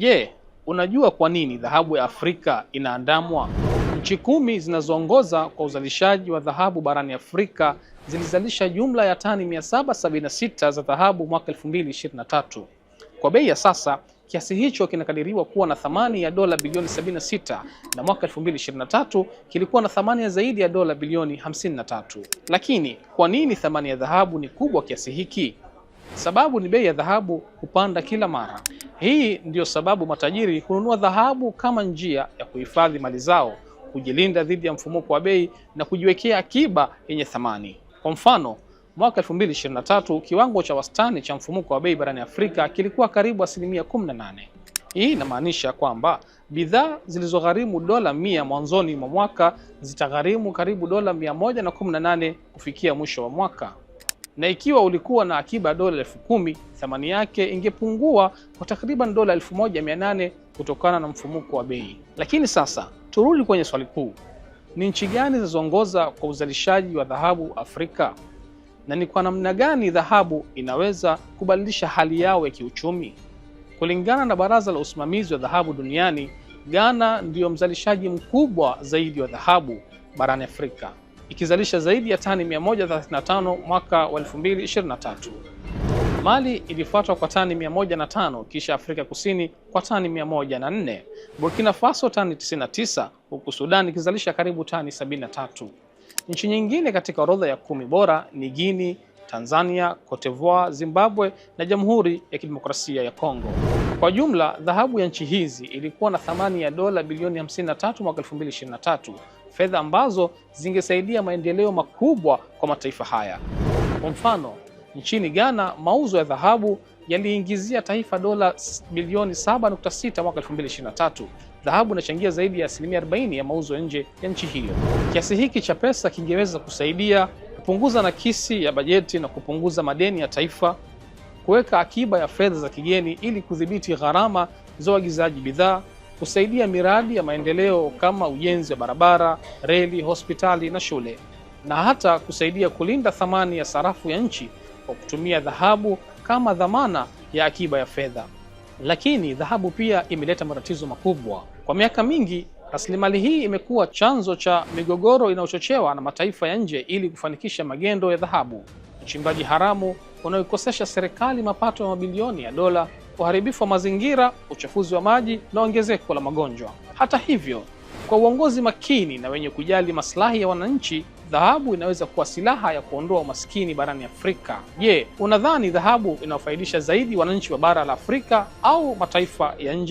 Je, unajua kwa nini dhahabu ya Afrika inaandamwa? Nchi kumi zinazoongoza kwa uzalishaji wa dhahabu barani Afrika zilizalisha jumla ya tani 776 za dhahabu mwaka 2023. Kwa bei ya sasa, kiasi hicho kinakadiriwa kuwa na thamani ya dola bilioni 76 na mwaka 2023 kilikuwa na thamani ya zaidi ya dola bilioni 53. Lakini kwa nini thamani ya dhahabu ni kubwa kiasi hiki? Sababu ni bei ya dhahabu hupanda kila mara. Hii ndiyo sababu matajiri hununua dhahabu kama njia ya kuhifadhi mali zao, kujilinda dhidi ya mfumuko wa bei na kujiwekea akiba yenye thamani. Kwa mfano, mwaka 2023 kiwango cha wastani cha mfumuko wa bei barani Afrika kilikuwa karibu asilimia 18. Hii inamaanisha kwamba bidhaa zilizogharimu dola mia mwanzoni mwa mwaka zitagharimu karibu dola 118 kufikia mwisho wa mwaka na ikiwa ulikuwa na akiba dola elfu kumi thamani yake ingepungua kwa takriban dola 1800 kutokana na mfumuko wa bei. Lakini sasa turudi kwenye swali kuu, ni nchi gani zinazoongoza kwa uzalishaji wa dhahabu Afrika na ni kwa namna gani dhahabu inaweza kubadilisha hali yao ya kiuchumi? Kulingana na Baraza la Usimamizi wa Dhahabu Duniani, Ghana ndiyo mzalishaji mkubwa zaidi wa dhahabu barani Afrika ikizalisha zaidi ya tani 135 mwaka wa 2023. Mali ilifuatwa kwa tani 105, kisha Afrika Kusini kwa tani 104, Burkina Faso tani 99, huku Sudan ikizalisha karibu tani 73. Nchi nyingine katika orodha ya kumi bora ni Guinea, Tanzania, Cote d'Ivoire, Zimbabwe na Jamhuri ya Kidemokrasia ya Kongo. Kwa jumla, dhahabu ya nchi hizi ilikuwa na thamani ya dola bilioni 53 mwaka 2023 fedha ambazo zingesaidia maendeleo makubwa kwa mataifa haya. Kwa mfano, nchini Ghana mauzo ya dhahabu yaliingizia taifa dola bilioni 7.6 mwaka 2023. Dhahabu inachangia zaidi ya asilimia 40 ya mauzo ya nje ya nchi hiyo. Kiasi hiki cha pesa kingeweza kusaidia kupunguza nakisi ya bajeti na kupunguza madeni ya taifa, kuweka akiba ya fedha za kigeni ili kudhibiti gharama za uagizaji bidhaa kusaidia miradi ya maendeleo kama ujenzi wa barabara, reli, hospitali na shule, na hata kusaidia kulinda thamani ya sarafu ya nchi kwa kutumia dhahabu kama dhamana ya akiba ya fedha. Lakini dhahabu pia imeleta matatizo makubwa. Kwa miaka mingi, rasilimali hii imekuwa chanzo cha migogoro inayochochewa na mataifa ya nje ili kufanikisha magendo ya dhahabu. Uchimbaji haramu unaoikosesha serikali mapato ya mabilioni ya dola uharibifu wa mazingira, uchafuzi wa maji na ongezeko la magonjwa. Hata hivyo, kwa uongozi makini na wenye kujali maslahi ya wananchi, dhahabu inaweza kuwa silaha ya kuondoa umaskini barani Afrika. Je, unadhani dhahabu inawafaidisha zaidi wananchi wa bara la Afrika au mataifa ya nje?